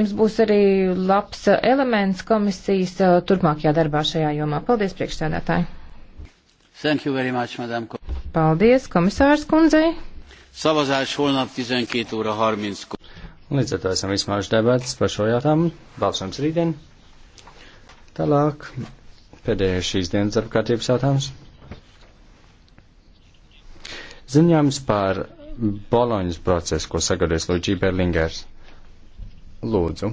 Jums būs arī labs eh, elements komisijas eh, turpmākajā darbā šajā jomā. Paldies, priekšsēdētāji! Much, madam. Paldies, komisārs kundzei! Savazāš holnap 12 ura 30. Līdz ar to esam vismaz debats par šo jautājumu. Balsojums rītdien. Tālāk pēdējais šīs dienas darba kārtības jautājums. Ziņojums par Boloņas procesu, ko sagatavojas Lūdžī Berlingers. Lūdzu.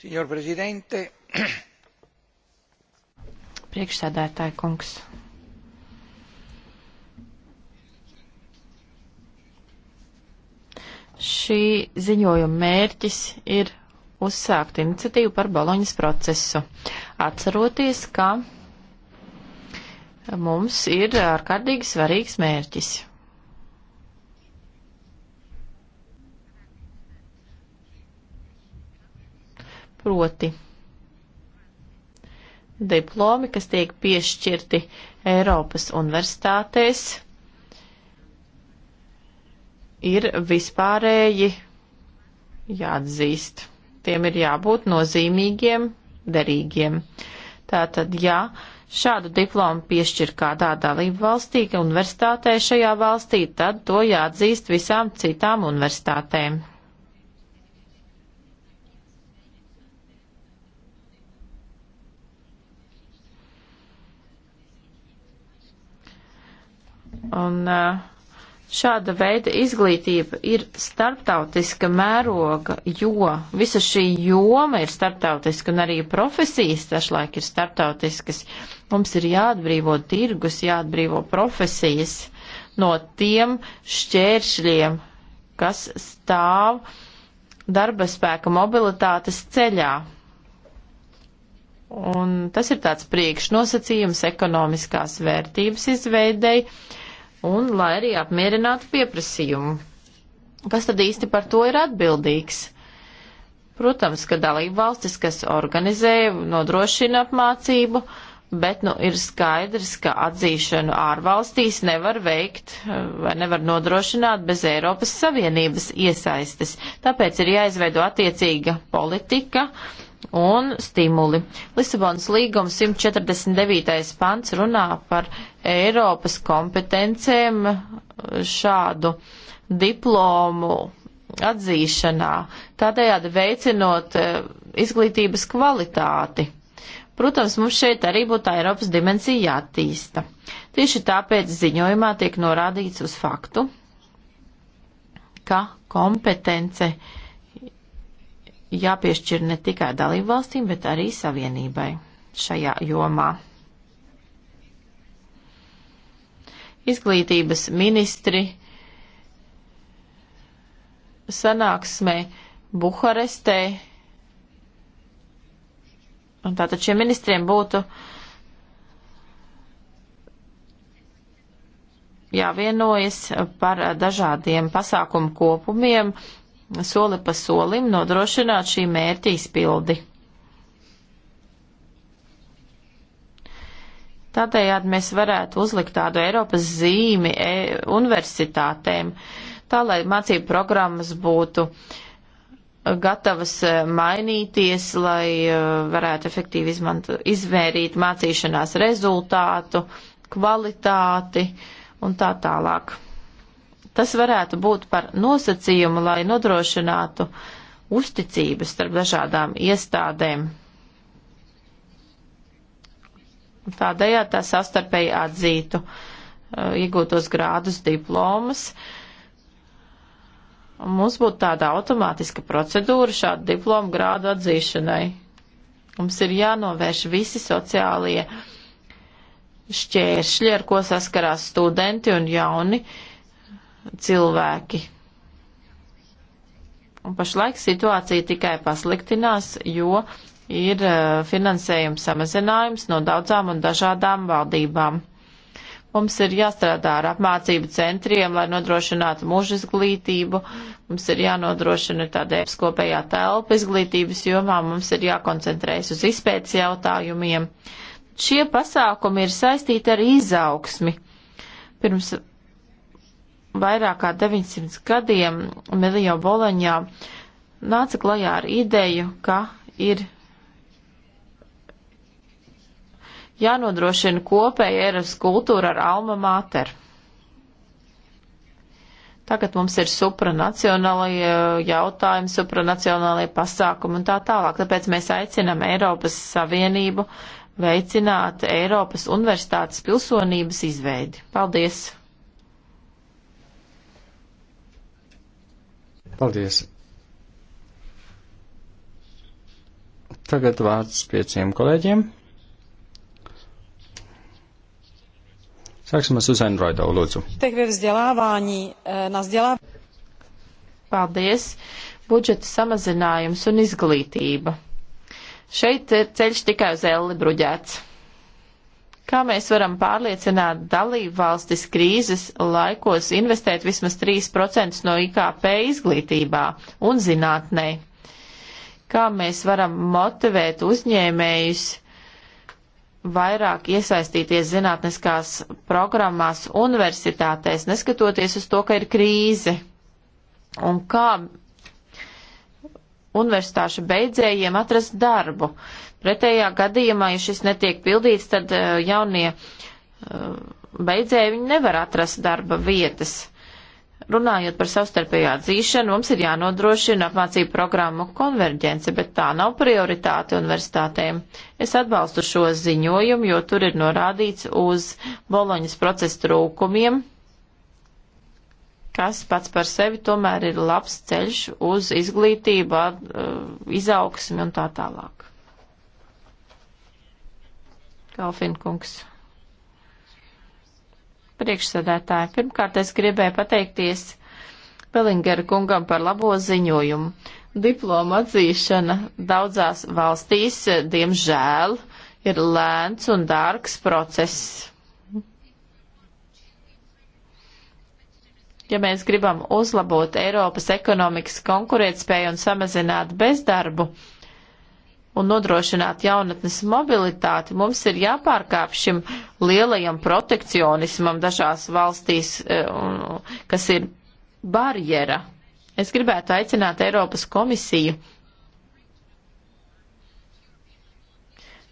Signor Presidente. Priekšsēdētāji kungs. Šī ziņojuma mērķis ir uzsākt iniciatīvu par Boloņas procesu, atceroties, ka mums ir ārkārtīgi svarīgs mērķis. Proti, diplomi, kas tiek piešķirti Eiropas universitātēs, ir vispārēji jāatzīst. Tiem ir jābūt nozīmīgiem, derīgiem. Tātad, ja šādu diplomu piešķir kādā dalību valstī, universitātē šajā valstī, tad to jāatzīst visām citām universitātēm. Un eh, šāda veida izglītība ir starptautiska mēroga, jo visa šī joma ir starptautiska un arī profesijas tašlaik ir starptautiskas. Mums ir jāatbrīvo tirgus, jāatbrīvo profesijas no tiem šķēršļiem, kas stāv darba spēka mobilitātes ceļā. Un tas ir tāds priekšnosacījums ekonomiskās vērtības izveidei, uh, un lai arī apmierinātu pieprasījumu. Kas tad īsti par to ir atbildīgs? Protams, ka dalība valstis, kas organizē, nodrošina apmācību, bet nu, ir skaidrs, ka atzīšanu ārvalstīs nevar veikt eh, vai nevar nodrošināt bez Eiropas Savienības iesaistes. Tāpēc ir jāizveido attiecīga politika, uh, un stimuli. Lisabonas līgums 149. pants runā par Eiropas kompetencēm šādu diplomu atzīšanā, tādējādi veicinot eh, izglītības kvalitāti. Protams, mums šeit arī būtu tā Eiropas dimensija jātīsta. Tieši tāpēc ziņojumā tiek norādīts uz faktu, ka kompetence uh, jāpiešķir ne tikai dalību valstīm, bet arī savienībai šajā jomā. Izglītības ministri sanāksmē Buharestē. Un tātad šiem ministriem būtu jāvienojas par dažādiem pasākumu kopumiem, soli pa solim nodrošināt šī mērķa izpildi. Tādējādi mēs varētu uzlikt tādu Eiropas zīmi e universitātēm, tā lai mācību programmas būtu gatavas e, mainīties, lai e, varētu efektīvi izmanto, izmērīt mācīšanās rezultātu, kvalitāti un tā tālāk. Tas varētu būt par nosacījumu, lai nodrošinātu uzticības starp dažādām iestādēm. Tādējādi tā sastarpēji atzītu uh, iegūtos grādus diplomas. Mums būtu tāda automātiska procedūra šādu diplomu grādu atzīšanai. Mums ir jānovērš visi sociālie šķēršļi, ar ko saskarās studenti un jauni uh, cilvēki. Un pašlaik situācija tikai pasliktinās, jo ir eh, finansējums samazinājums no daudzām un dažādām valdībām. Mums ir jāstrādā ar apmācību centriem, lai nodrošinātu mūža izglītību. Mums ir jānodrošina tāda kopējā telpa izglītības jomā. Mums ir jākoncentrējas uz izpētes jautājumiem. Šie pasākumi ir saistīti ar izaugsmi. Pirms vairāk kā 900 gadiem Melio Boloņā nāca klajā ar ideju, ka ir jānodrošina kopēja eras kultūra ar alma mater. Tagad mums ir supranacionālajie jautājumi, supranacionālajie pasākumi un tā tālāk. Tāpēc mēs aicinam Eiropas Savienību veicināt Eiropas Universitātes pilsonības izveidi. Paldies! Paldies! Tagad vārds pieciem kolēģiem. Sāksim ar Suzanu Roidovu, lūdzu. Eh, Paldies! Budžeta samazinājums un izglītība. Šeit ir eh, ceļš tikai uz elli bruģēts. Kā mēs varam pārliecināt dalību valstis krīzes laikos investēt vismaz 3% no IKP izglītībā un zinātnē? Kā mēs varam motivēt uzņēmējus vairāk iesaistīties zinātniskās programmās universitātēs, neskatoties uz to, ka ir krīze? Un kā universitāšu beidzējiem atrast darbu. Pretējā gadījumā, ja šis netiek pildīts, tad eh, jaunie eh, beidzēji viņi nevar atrast darba vietas. Runājot par savstarpējā dzīšanu, mums ir jānodrošina apmācību programmu konverģence, bet tā nav prioritāte universitātēm. Es atbalstu šo ziņojumu, jo tur ir norādīts uz Boloņas procesa trūkumiem, kas pats par sevi tomēr ir labs ceļš uz izglītību, uh, izaugsmi un tā tālāk. Kalfinkungs. Priekšsēdētāji, pirmkārt es gribēju pateikties Pelingera kungam par labo ziņojumu. Diploma atzīšana daudzās valstīs, diemžēl, ir lēns un dārgs process Ja mēs gribam uzlabot Eiropas ekonomikas konkurētspēju un samazināt bezdarbu un nodrošināt jaunatnes mobilitāti, mums ir jāpārkāp šim lielajam protekcionismam dažās valstīs, e, kas ir barjera. Es gribētu aicināt Eiropas komisiju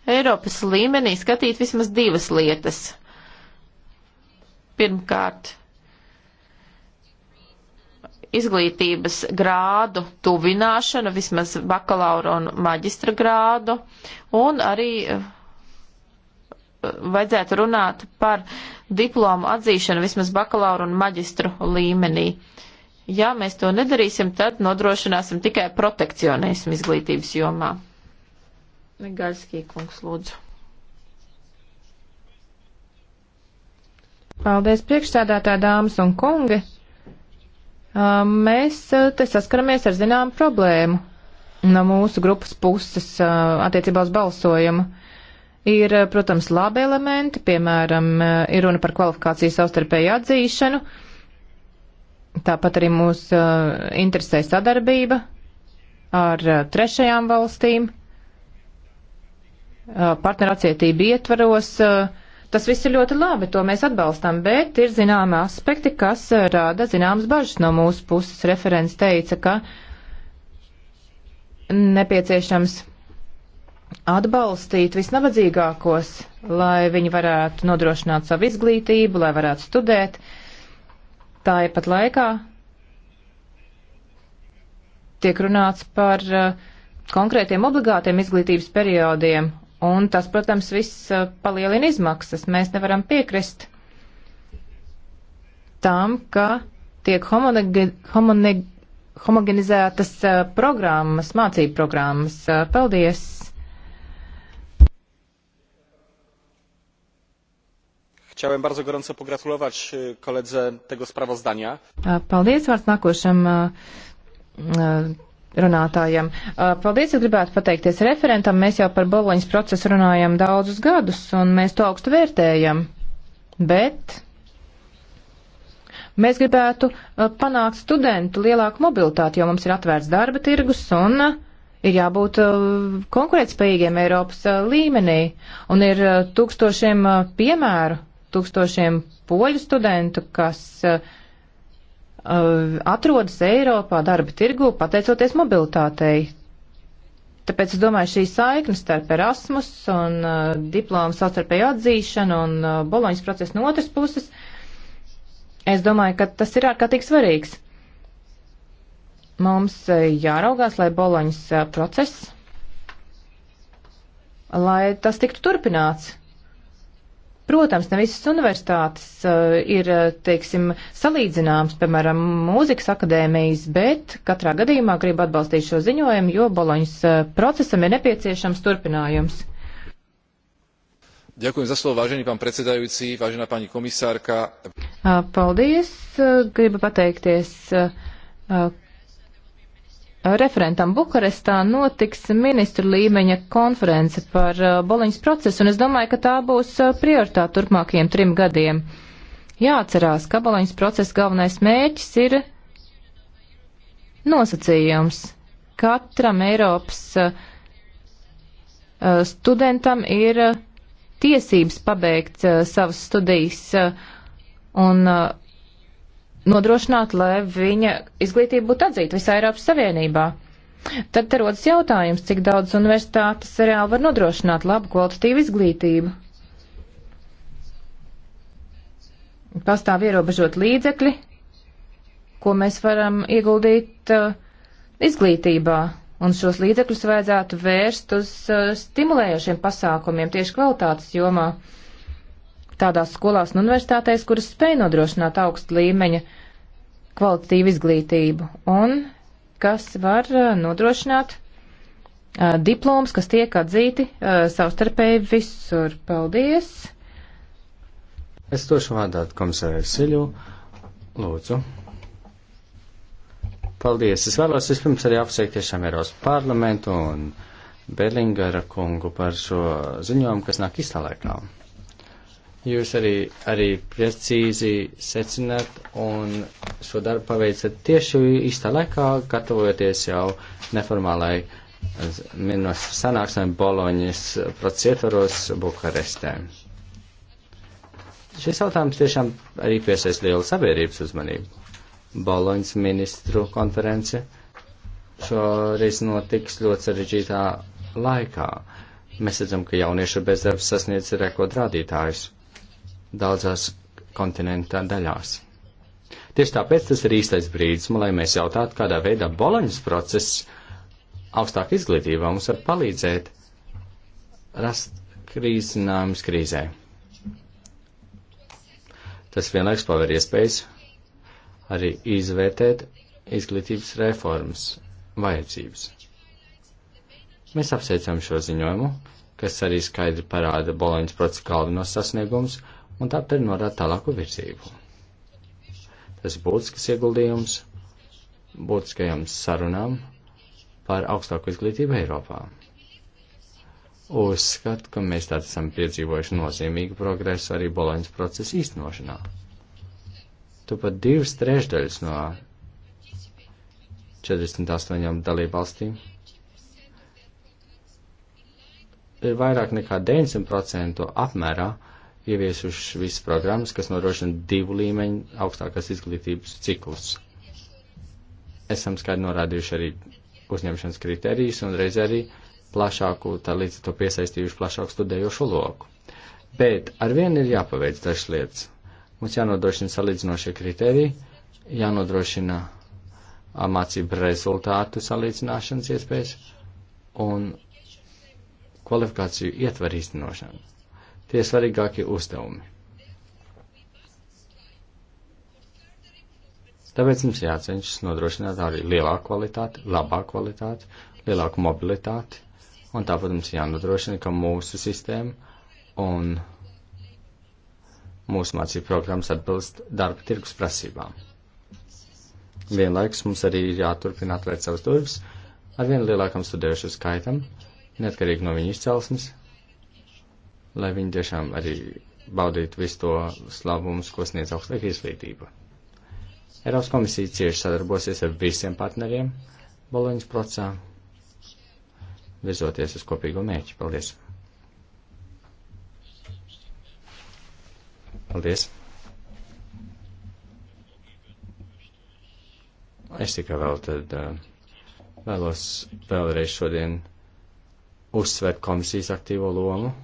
Eiropas līmenī skatīt vismaz divas lietas. Pirmkārt, izglītības grādu tuvināšanu, vismaz bakalaura un maģistra grādu, un arī eh, vajadzētu runāt par diplomu atzīšanu vismaz bakalaura un maģistru līmenī. Ja mēs to nedarīsim, tad nodrošināsim tikai protekcionismu izglītības jomā. Gaļskī kungs, lūdzu. Paldies priekšstādātā dāmas un kungi! mēs te saskaramies ar zinām problēmu no mūsu grupas puses attiecībā uz balsojumu. Ir, protams, labi elementi, piemēram, ir runa par kvalifikāciju savstarpēju atzīšanu, tāpat arī mūs interesē sadarbība ar trešajām valstīm, partneracietība ietvaros, uh, Tas viss ir ļoti labi, to mēs atbalstam, bet ir zināmi aspekti, kas eh, rada zināmas bažas no mūsu puses. Referents teica, ka nepieciešams atbalstīt visnabadzīgākos, lai viņi varētu nodrošināt savu izglītību, lai varētu studēt. Tā ir pat laikā tiek runāts par eh, konkrētiem obligātiem izglītības periodiem Un tas, protams, viss uh, palielina izmaksas. Mēs nevaram piekrist tam, ka tiek homogen, homogen, homogenizētas uh, programmas, mācību programmas. Uh, paldies! Chciałem bardzo gorąco pogratulować koledze tego sprawozdania. Paldies, vārds nākošam runātājiem. Paldies, es gribētu pateikties referentam. Mēs jau par Boloņas procesu runājam daudzus gadus, un mēs to augstu vērtējam. Bet mēs gribētu panākt studentu lielāku mobilitāti, jo mums ir atvērts darba tirgus un ir jābūt konkurētspējīgiem Eiropas līmenī. Un ir tūkstošiem piemēru, tūkstošiem poļu studentu, kas uh, Eh, atrodas Eiropā darba tirgu pateicoties mobilitātei. Tāpēc es domāju, šī saikne starp Erasmus un uh, diplomu savstarpēju atzīšanu un uh, Boloņas procesu no otras puses, es domāju, ka tas ir ārkārtīgi svarīgs. Mums uh, jāraugās, lai Boloņas uh, process, lai tas tiktu turpināts Protams, ne visas universitātes uh, ir, eh, teiksim, salīdzināmas, piemēram, mūzikas akadēmijas, bet katrā gadījumā gribu atbalstīt šo ziņojumu, jo Boloņas uh, procesam ir nepieciešams turpinājums. Ďakujem za slovo, vážený pán predsedajúci, vážená pani komisárka. Paldies. Gribu pateikties referentam Bukarestā notiks ministru līmeņa konference par uh, Boliņas procesu, un es domāju, ka tā būs uh, prioritāte turpmākajiem trim gadiem. Jāatcerās, ka Boliņas procesa galvenais mēķis ir nosacījums. Katram Eiropas uh, studentam ir tiesības pabeigt savas studijas, un nodrošināt, lai viņa izglītība būtu atzīta visā Eiropas Savienībā. Tad te rodas jautājums, cik daudz universitātes reāli var nodrošināt labu kvalitatīvu izglītību. Pastāv ierobežot līdzekļi, ko mēs varam ieguldīt uh, izglītībā, un šos līdzekļus vajadzētu vērst uz uh, stimulējošiem pasākumiem tieši kvalitātes jomā. Uh, tādās skolās un universitātēs, kuras spēj nodrošināt augstu līmeņa kvalitatīvu izglītību un kas var uh, nodrošināt uh, diploms, kas tiek atzīti uh, savstarpēji visur. Paldies! Es došu vārdāt komisārai Siļu. Lūdzu. Paldies! Es vēlos vispirms arī apsveikt tiešām Eiropas parlamentu un Berlingera kungu par šo ziņojumu, kas nāk īstā laikā. Mm. Jūs arī, arī precīzi secināt un šo darbu paveicat tieši īstā laikā, gatavojoties jau neformālai minos sanāksmēm Boloņas procieturos Bukarestē. Šis jautājums tiešām arī piesaist lielu sabiedrības uzmanību. Boloņas ministru konference šoreiz notiks ļoti sarežģītā laikā. Mēs redzam, ka jauniešu bezdarbs sasniedz rekordrādītājus daudzās kontinentā daļās. Tieši tāpēc tas ir īstais brīdis, lai mēs jautātu, kādā veidā Boloņas process augstāk izglītībā mums var palīdzēt rast krīzinājumus krīzē. Tas vienlaiks paver iespējas arī izvērtēt izglītības reformas vajadzības. Mēs apsveicam šo ziņojumu, kas arī skaidri parāda Boloņas procesa galvenos sasniegumus un tā arī norāda tālāku virzību. Tas ir būtisks ieguldījums būtiskajām sarunām par augstāku izglītību Eiropā. Uzskatu, ka mēs tādā esam piedzīvojuši nozīmīgu progresu arī Boloņas procesa īstenošanā. Tu pat divas trešdaļas no 48 dalībvalstīm ir vairāk nekā 90% apmērā ieviesuši visas programmas, kas nodrošina divu līmeņu augstākās izglītības ciklus. Esam skaidri norādījuši arī uzņemšanas kritērijus un reiz arī plašāku, tā līdz to piesaistījuši plašāku studējošu loku. Bet ar vienu ir jāpaveic dažas lietas. Mums jānodrošina salīdzinošie kritēriji, jānodrošina mācību rezultātu salīdzināšanas iespējas un kvalifikāciju ietvaru īstenošanu tie svarīgākie uzdevumi. Tāpēc mums jācenšas nodrošināt arī lielāku kvalitāti, labāku kvalitāti, lielāku mobilitāti, un tāpat mums jānodrošina, ka mūsu sistēma un mūsu mācību programmas atbilst darba tirgus prasībām. Vienlaikus mums arī ir jāturpina atvērt savas durvis ar vien lielākam studējušu skaitam, neatkarīgi no viņu izcelsmes, lai viņi tiešām arī baudītu visu to slavumus, ko sniedz augstāka izglītība. Eiropas komisija cieši sadarbosies ar visiem partneriem Boloņas procesā, virzoties uz kopīgo mērķi. Paldies! Paldies! Es tikai vēl tad uh, vēlos vēlreiz šodien uzsvērt komisijas aktīvo lomu.